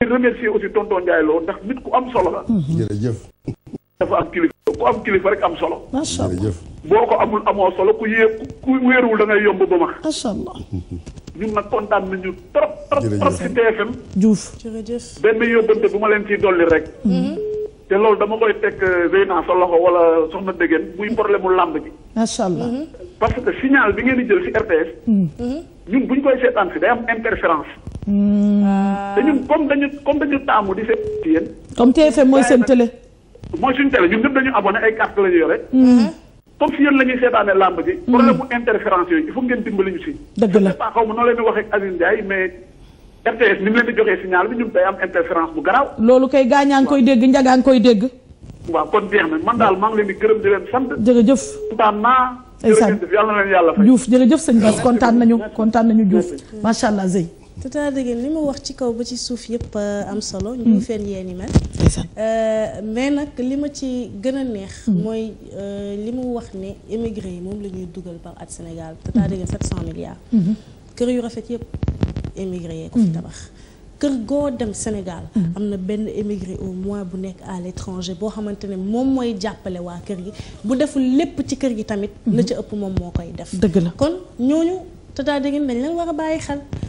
di remercier aussi tonton Ndiaye Lo ndax nit ku am solo la. Mm-hmm. jërëjëf. dafa am kilifa ku am kilifa rek am solo. boo ko amul amoo solo ku yee ku wéeruwul da ngay yomb ba ma. macha allah. ñun nag kontaan nañu trop trop trop si bu ma leen ciy dolli rek. Mm-hmm. te loolu dama koy teg Zeyna euh, sa loxo wala soxna Dégène muy problème làmb ji. macha allah mm-hmm. parce que signal bi ngeen di jël si RTS. ñun bu ñu koy seetaan si day am interférence. te ñun comme dañu comme dañu taamu di seet ci yéen. comme TFM mooy seen télé. mooy suñu télé ñun ñëpp dañu abonné ay carte la ñu yore. Mm-hmm. comme si yéen ñuy seetaane làmb ji. Mm-hmm. problème mu interférence yooyu il faut ngeen dimbali ñu si. dëgg la xaw waxee ak Aziz mais RTS ni mu leen di joxee signal bi ñun day am interférence bu garaaw. loolu kay gaañaa ngi koy dégg njagaa ngi koy dégg. waaw kon jeex na man daal maa ngi leen di gërëm di leen sant. jërëjëf kontaan naa. jërëjëf yàlla yàlla fay. Diouf sëñ Bass kontaan nañu kontaan nañu Diouf macha allah Zey tata dëgg li ma wax ci kaw ba ci suuf yëpp am solo. ñu fenn yee ni mel. mais nag li ma ci gën a neex. mooy li mu wax ne émigré yi moom la ñuy dugal par at Sénégal. tata dëgg 700 milliards. kër yu rafet yëpp émigré yee ko fi tabax. kër goo dem Sénégal. am na benn émigré au moins bu nekk à l'étranger boo xamante ne moom mooy jàppale waa kër gi bu deful lépp ci kër gi tamit. la ca ëpp moom moo koy def. dëgg la kon ñooñu tata dëgg dañ leen war a bàyyi xel.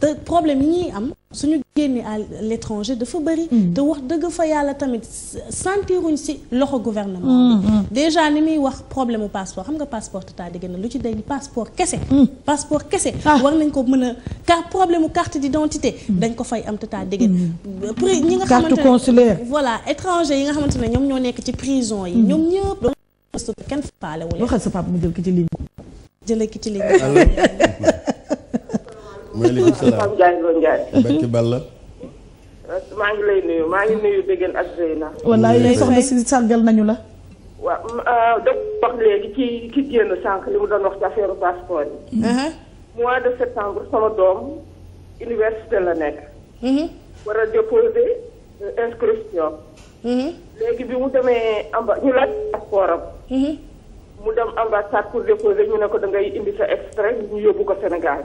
te problème yi am suñu génné à l'étranger de fa bëri. Mm. te wax deug fa yalla tamit sentiruñ ci loxo gouvernement mm, mm. déjà ni mi wax problème passeport xam nga passeport tata dégg lu ci day ni passeport kese. passeport kese. Ah. war nañ ko mëna a car problème carte d'identité dañ ko fay am tata dégg na. prix ñi nga carte consulaire. voilà étranger yi nga xamante ñom ñoo nek ci prison yi. ñom ñepp doon nañu kenn faale wu leen. waxal sa papa mu jël ki ci ligne. jëlee ki ci ligne. maaleykum salaam Mbacke maa ngi lay nuyu maa ngi nuyu Dégène ak Zeyna. wallaay soxna si sargal nañu la. waaw euh, dëgg wax léegi ci ci génn sànq li mu doon wax ci affaire passeport yi. Uh-huh. mois de septembre sama doom université la nekk. Uh-huh. war a déposer euh, inscription. Uh-huh. léegi bi mu demee amba ñu laaj passeport am. mu dem ambassade pour déposer ñu ne ko da ngay indi sa extrait ñu yóbbu ko Sénégal.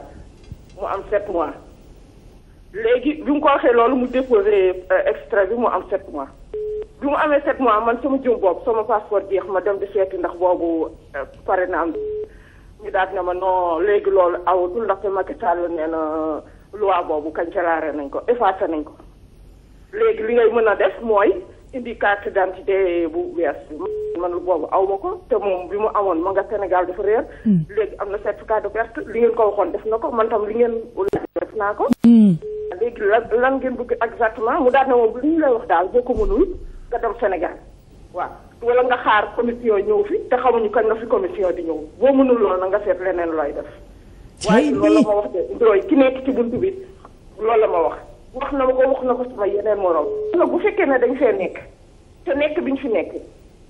mu am sept mois léegi bi mu ko mu euh, extrait bi am sept mois. bi mu sept mois man sama jëm boobu sama passeport jeex ma dem di seeti ndax boobu euh, pare na am ñu ma non léegi loolu awatul ndaxte Macky Sall nee loi boobu nañ ko effacé li ngay def mooy indi carte man boobu aw ma ko te moom bi mu amoon ma nga Sénégal dafa réer. Hmm. léegi am na certificat de perte li ngeen ko waxoon def na ko man tam li ngeen def naa ko. Hmm. léegi lan lan ngeen bëgg exactement mu daal ne li lay wax daal boo ko mënul nga dem waaw wala nga xaar commission ñëw fi te xamuñu kañ nga fi commission di ñëw boo mënul loolu na nga seet leneen looy def. waaye loolu la ma wax de Ndoye ki nekk ci bunt bi loolu la ma wax. wax na ma ko wax na ko sama yeneen morom. bu fekkee ne dañ fee nekk te nekk bi ñu fi nekk.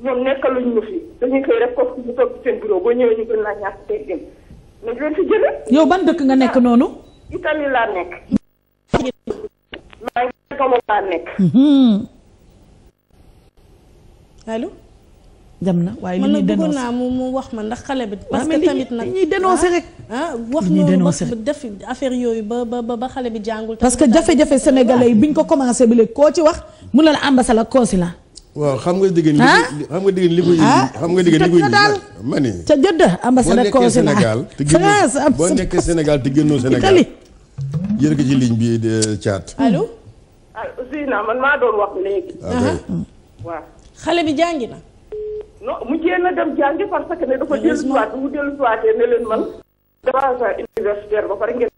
ñoom nekkaluñ ñu fi laa ñàkk teggin yow ban dëkk nga nekk noonu. Italie laa nekk. Mhm. na waaye li ñuy dénoncé man nag mu wax ma ndax xale bi. parce que tamit nag ñuy dénoncé ah, rek. Ah, wax noonu wax def affaire yooyu ba ba ba xale bi jàngul. parce que jafe-jafe sénégalais yi biñ ko commencé bi léegi koo ci wax mun na la ambassade ak consulat waaw xam nga dégg nga. xam nga dégg nga li ko indi. xam nga dégg nga li ko indi ah, ma ne. ca Jëdda ambassade consulat France am boo nekkee Sénégal te génnoo Sénégal. yër ko ci ligne bi Thiat. allo. ah Zina man maa doon wax léegi. Ah, ah, waaw. xale bi jàngi na. non mu jéem a dem jàngi parce que ne dafa dellu si waat mu dellu si waatee ne leen man. dafa universitaire ba pare ngeen.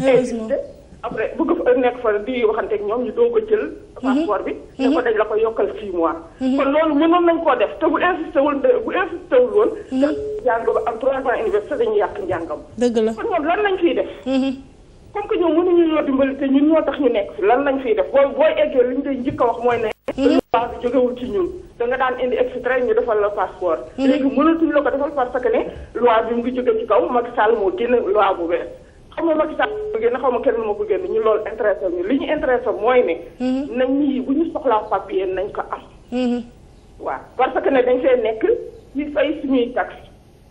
heureusement eh, après bëgg fa nekk fa di waxanteeg ñoom ñu doog a jël. Mhm. passeport bi. ne mhm. ko dañ la ko yokkal 6 mhm. kon loolu mënoon nañ koo def te bu insisté wul bu insisté wul woon. ndax jàng ba am 3 université dañuy yàq njàngam. dëgg la kon def. comme que ñoom mënuñu ñoo dimbali te tax ñu nekk lan lañ fiy def booy booy eggee li ñu lay njëkk a wax mooy ne. dañu baax ñu defal la passeport. léegi mënatuñ la ko defal parce que ne loi bi mu ngi jóge ci kaw Macky Sall moo génn loi bu bees xaw ma Macky Sall ko génn xaw ma kenn ko génn ñu loolu intéressé ñu li mhm. ko am mhm. waaw parce ne dañ fee nekk ñu fay suñuy taxe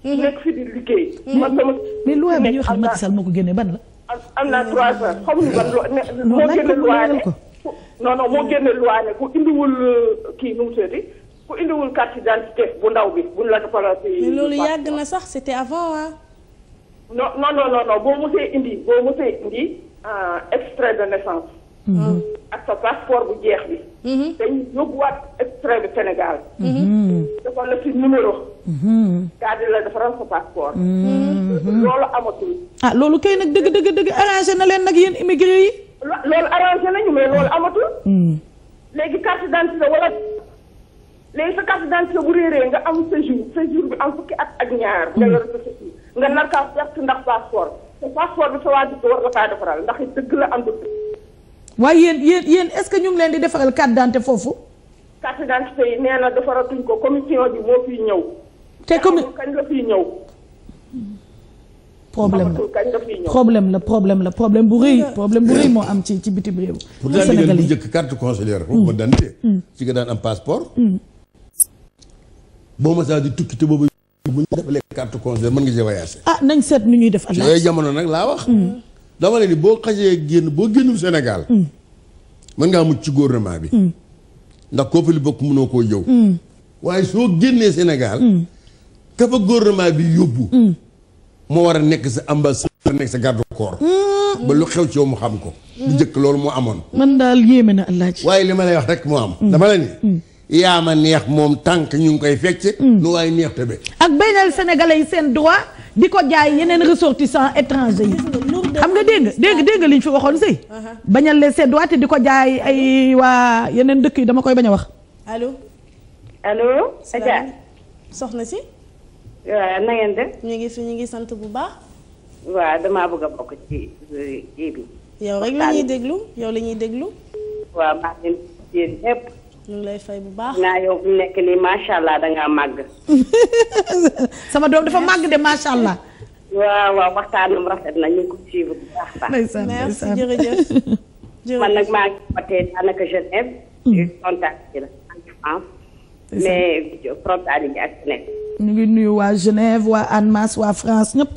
mhm. nekk fi di liggéey man sama mais loi bi ñu wax moo ko génne ban la am naa trois heures xamuñu ban loi moo génne loi ne non non moo génne loi ne ku indiwul euh, kii nu mu tuddati ku indiwul carte d'identité bu ndaw bi buñ la defaloo si loolu yàgg na sax c'était avant waaw non non non non boo indi euh, extrait de naissance. à mhm. sa passeport bu jeex C'est une boîte extrait du Sénégal. C'est le ci numéro. Mhm. daal le la sa passeport. Mhm. ah lolo, kay arrangé immigré mais d'identité wala les séjour séjour nga nar kaa perte ndax passeport te passeport bi sa waa dëkk war nga faa defaral ndax it dëgg la am du waaye yéen yéen yéen est-ce que ñu ngi leen di defaral carte d'identité foofu. carte d'identité yi nee na defaratuñ ko commission bi moo fiy ñëw. te comme kañ la fiy ñëw. problème la problème la problème la problème bu rëy problème bu rëy moo am ci ci bitim réew. pour daan liggéey bu njëkk carte consulaire. foofu ba mm. daan mm. ci nga daan am passeport. Mm. boo ma saa di tukki te boobu. bu ñu defalee carte conseil mën nga see voyager. ah seet nu ñuy def. yooyu jamono nag laa wax. Hmm. dama leen ni boo xasee génn boo génnul Sénégal. Hmm. mën ngaa mucc ci gouvernement bi. Hmm. ndax koo fa li bokk mënoo koo yow. waaye soo génnee Sénégal. ka fa gouvernement bi yóbbu. moo war a nekk sa ambassadeur nekk sa garde corps. ba lu xew ci yow mu xam ko. bu njëkk loolu mu amoon. man daal yéeme na Alaaji. waaye li ma lay wax rek moo am. dama la ni. yaa ma neex moom tànk ñu ngi koy fecc nu mm. waaye neex te be ak baynal sénégalais yi seen droit di ko jaay yeneen ressortissants étrangers yi xam nga dégg dégg dégg liñ fi waxoon sëy uh-huh. bañal leen seen droit te di ko jaay ay waa yeneen dëkk yi dama koy bañ a wax allo allo Adja soxna si waaw na ngeen ñu ngi fi ñu ngi sant bu baax waa damaa bëgg a bokk ci yow rek la déglu yow lañuy déglu waaw maa ngi yéen ñëpp ñu ngi lay bu baax. naa yow bu nekk nii macha allah dangaa màgg. sama doom dafa màgg de macha allah. waaw waaw waxtaanam rafet na ñu ngi ko suivre bu baax a baax. man nag maa ngi wootee daanaka Genève. di mm. contact la en France. mais ak nekk. ngi nuyu waa Genève waa Annemasse waa France ñëpp.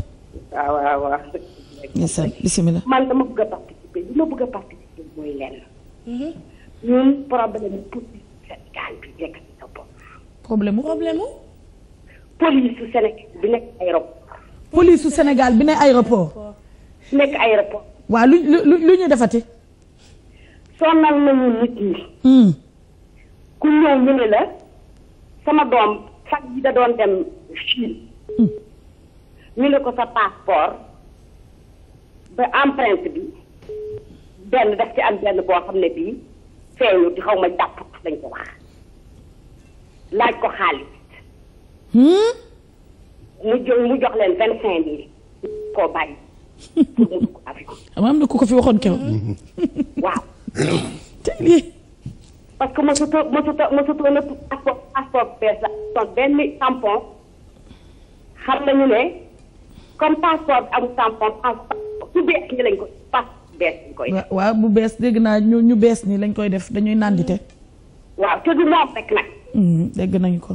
man problème mu problème mu. police Sénégal bi nekk aéroport. police su Sénégal bi nekk aéroport. nekk aéroport. waaw lu lu lu ñu defati. sonal nañu nit ñi. Hmm. ku ñëw ñu ne la sama doom fag yi da doon dem hmm. ñu ne ko sa passeport ba empreinte bi benn daf ci am benn boo xam ne bii feeñu di xaw ma jàpp lañ ko wax. laaj ko xaalis. Hmm? mu jox leen vingt cinq mille. koo bàyyi pour mu ah, ku ko fi waxoon keroog. waaw. parce que mosutoo mosutoo mosutoo na passeport passeport benn tampon xam nañu ne comme passeport bi amul tampon passeport bu bees ni lañ koy passeport bees lañ koy. waaw bu bees dégg naa ñu ñu bees ni lañ koy def dañuy nàndite. waaw te du moom rek nag. Hmm, dégg nañu ko.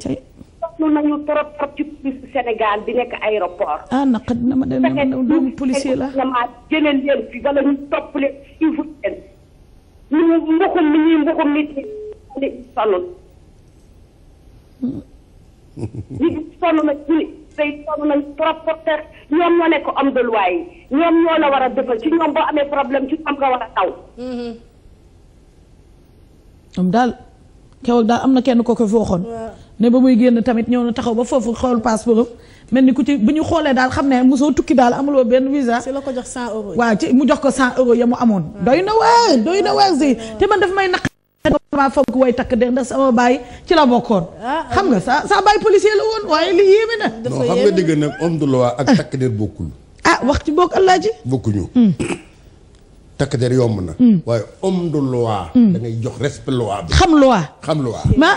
soxla nañu trop trop ci police Sénégal bi nekk aéroport. ah naqat na ma de ne ma doomu policier la jëlee leen fi wala ñu topp leen suivre leen. ñu mboxum mi ñuy mboxum nit ñi sonn. nit ñi sonn na ci tey sonn nañ trop trop te ñoom ñoo nekk homme de loi yi ñoom ñoo la war a defal ci ñoom boo amee problème ci ñoom nga war a taw. Mm-hmm. ñoom daal. kewal daal am na kenn ko ko fooxoon ne ba muy génn tamit ñëw na taxaw ba foofu xool passeport am mel ni ku ci bu ñu xoolee daal xam ne mosoo tukki daal amuloo benn visa. si la ko jox 100 euros waaw ci mu jox ko 100 euros ya mu amoon. doy na waar doy na waar si te man daf may naq. maa foog way takk de ndax sama baay ci la bokkoon. xam nga sa sa baay policier la woon waaye li yéeme na. dafa yéeme non xam nga dégg nag homme de loi ak takk der bokkul. ah wax ci bokk allah ji. bokkuñu. takk der yomb na. Mm. waaye homme de loi. Mm. da ngay jox respect loi xam loi xam loi. ma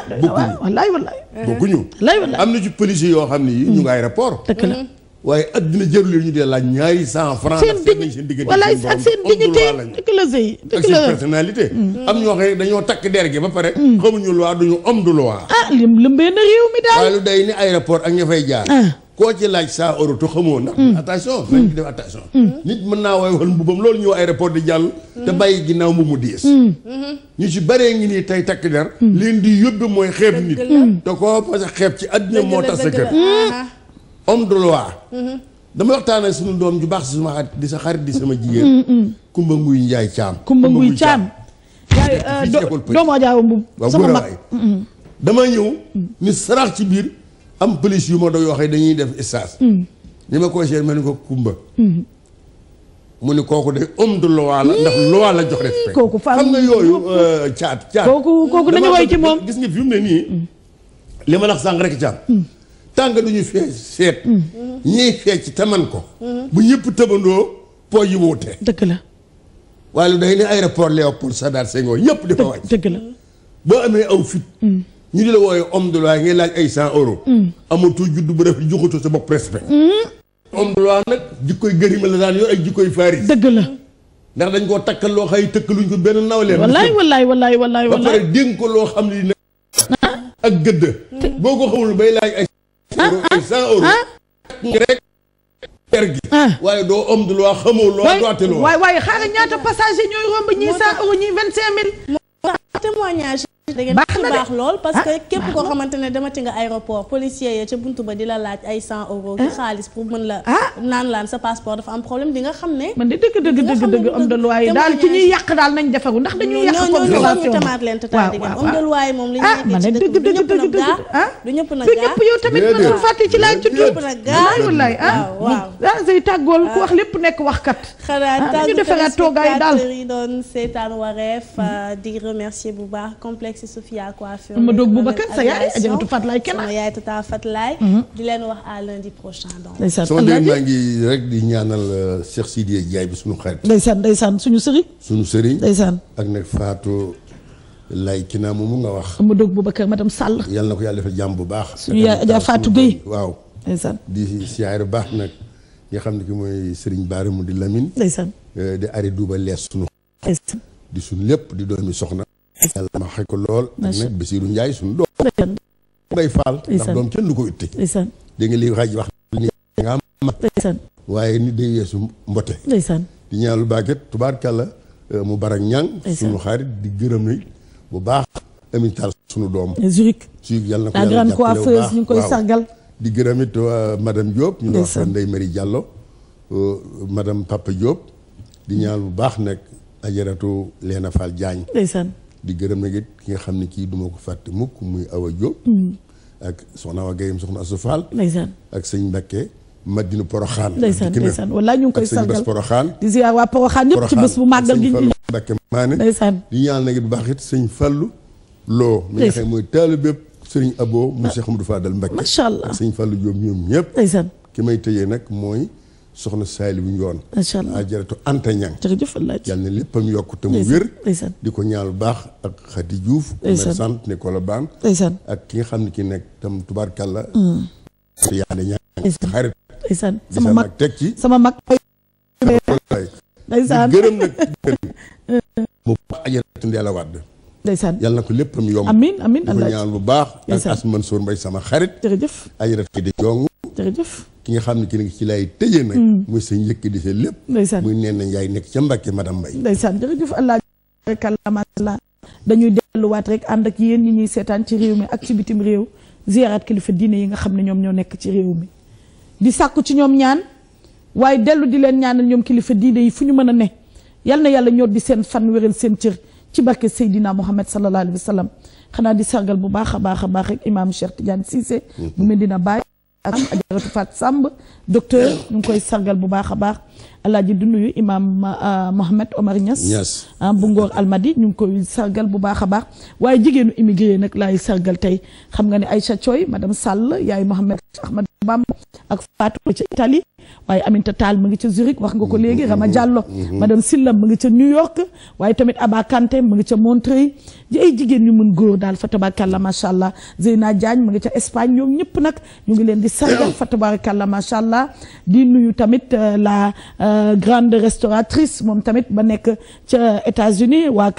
wallaay wallaay. am na ci policier yoo xam ne yi ñu mm. ngi aéroport. dëkk la mm-hmm. waaye addina jërul ñu dee laaj ñaari cent franc. seen dignité seen dignité walaay ak la sëy dëkk la ak am ñoo xam ne dañoo takk der gi ba pare. xamuñu loi duñu homme de loi. ah lim lëmbee na réew mi daal. waaye lu day ni aéroport ak ña fay jaar. Ah. koo ci laaj saa euro te xamoo ndax. Hmm. attention nañ ci def attention. Hmm. Hmm. nit mën naa woyofal mbubam loolu ñëw aéroport di jàll. te bàyyi ginnaaw mu mu diis. ñu ci baree ngi nii tey takk der. leen di yóbbu mooy xeeb nit. te koo parce que xeeb ci àddina moo tax sa kër. homme de loi. dama waxtaanee suñu doom ju baax si sama di sa xarit di sama jigéen. Kumba Nguy Njaay Caam. Kumba Nguy Caam. yaay euh, doomu ajaawam bu sama mag. dama ñëw ni sarax ci biir. am police yu ma doon yoo xam dañuy def stage. ñi mm. ma conseillé ma ne ko Kumba. Mm. mu ni kooku de homme de loi la ndax mm. loi la jox respect. kooku faaw nga yooyu euh, caat caat. kooku kooku nañu woy ci moom gis nga fi mu ne nii. li ma la sànq rek caat. tàng du ñu fee seet. ñiy fecc te man ko. bu ñëpp tëbandoo po yi wuute. dëgg la. waaye lu day ne aéroport Léopold Sédar Senghor ñëpp di ko wàcc. dëgg la boo amee aw fit. ñu la wooyee homme de loi ngay laaj ay cent euros. Mm. amatul juddu bu rafet joxatoo sa bopp respect. Mm. homme de loi nag jikkoy gërima la daan yor jikkoy faari. dëgg la. ndax dañ koo takkal loo xay tëkkaluñ ko benn nawleem. wallaay wallaay wallaay wallaay ba pare dénk ko ah. ak gëdd. boo ko xamul ah, ah, waaye doo homme de loi xamoo loo doite loo. waay waay xaaral ñaata passager ñooy romb ñii cent euros ñii vingt cinq baax na baax lool parce que ah, képp koo xamante demati nga aéroport policier ya ca buntu ba di la laaj ay cent euros ah. xaalis pour mën la ah. naan laan sa passeport dafa am problème di nga xam ne man de dëgg dëgg dëgg du ñëpp nag gaa du ñëpp yow tamit mën nañ fàtte ci laaj tudd ñëpp wallaay ah waaw tàggool ku wax lépp nekk waxkat xanaa tàggu ñu defee nga doon seetaan wareef di remercier bu baax complexe teg si Sophia Coiffure. ma doog Boubacar sa yaay ajaratu Fatlaay kenn sama yaay tata Fatlaay mhm. di leen wax à lundi prochain donc. ndeysaan soo dee maa ngi rek di ñaanal euh, Cheikh Sidiye Diaye bi suñu xarit. ndeysaan ndeysaan suñu sëriñ. suñu sëriñ ndeysaan. ak nek Fatou Lay Kina mu nga wax. ma doog Boubacar madame Sall. Yalla nako Yalla def jam bu baax. Ya Fatou Gueye waaw. ndeysaan di siyaare bu baax nak. nga xam ki moy Serigne Bara mu di Lamine. ndeysaan euh, de ari les suñu. sunu. di suñu lepp di doomi soxna. yàlla ma xëy ko lool. macha allah ak nag Basiirou Ndiaye suñu doom. ngay faal. ndax doom kenn du ko itti. ndeysaan nga li wax ni nga am mag. ndeysaan waaye nit day yeesu mbote. di ñaan lu baaget tubaarkàlla euh, mu barak ñang suñu xarit di gërëm ni bu baax. Amin Tall suñu doom. Zurich Zurich na ko yàlla jàppale bu baax ñu koy sargal. di gërëm it madame Diop. ñu wax Ndeye Marie Diallo. Euh, madame Papa Diop. di ñaan bu baax nag ajaratu Leena Fall Diagne. di gërëm nag it ki nga xam ne kii duma ko fàtte mukk muy Awa Diop mm-hmm. ak soxna Awa Gaye soxna Asou Fall ak sëñ Mbakke Madina Poroxaan ndeysaan ndeysaan walla ñu ngi koy sargal Poroxaan di ziar waa Poroxaan ñëpp ci bu ñaan nag it bu baax it sañ Fallu Loo mi nga xam mooy taalu bépp sëriñ Abo mu Cheikh Amadou Fadal Mbakke macha allah ak sëñ Fallu Diop ñoom ñëpp ndeysaan ki may tëjee nag mooy soxna Saali bu Njoon macha allah ajaratu Anta Ñang jërëjëf Allah yal na léppam yokk te mu wér di ko ñaal baax ak Khady Diouf commerçante ne Colobane ak ki nga xam ne ki nekk tam tubaarkàlla mm. yaande ñang xarit sama mag teg ci sama mag ndeysaan gërëm nag mm. mu baax ajaratu Ndella Wade ndeysaan yal na ko léppam yomb amiin amiin di ko ñaal bu baax ak man Sour Mbay sama xarit jërëjëf ajaratu di jong jërëjëf ki nga xam ne ci nag ci lay tëjee nag muy mm. sa njëkk di sa lépp muy neen na njaay nekk ca Mbàkke madame Mbaye ndeysaan jërëjëf allah rekàllamasla dañuy delluwaat rek ànd ak yéen ñi ñuy seetaan ci réew mi ak ci bitim réew ziyaaraat kilifa diine yi nga xam ne ñoom ñoo nekk ci réew mi di sàkku ci ñoom ñaan waaye dellu di leen ñaanal ñoom kilifa diine yi fu ñu mën a ne yal na yàlla ñor di seen fan wéral seen cër ci barke Seydina Muhammad sallallahu alayhi wa sallam xanaa di sargal bu baax a baax a baax rek imaam Cheikh Tidiane Cissé bu mm-hmm. Medina Baye ak Ajaratu Fat Samb docteur nous ngi koy sargal bu baax a alaaji di nuyu imaam euh, Mohamed Omar Niass ah, bu Ngor Almadi ñu ngi koy sargal bu baax a baax waaye jigéenu immigré nag laay sargal tey xam nga ne Aïcha Thioy madame Sall yaay Mohamed Ahmad Bamba ak Fatou ca Italie waaye Aminta Tall mu ngi ca Zurich wax nga ko léegi mm-hmm. Rama Diallo mm-hmm. madame Silla mu ngi ca New York waaye tamit Aba Kanté mu ngi ca Montreuil ji ay jigéen ñu mun góor daal fa tabarakallah macha allah Zeyna Diagne mu ngi ca Espagne ñoom ñëpp nag ñu ngi leen di sargal fa Euh, grande restauratrice mon tamit ba États-Unis ou à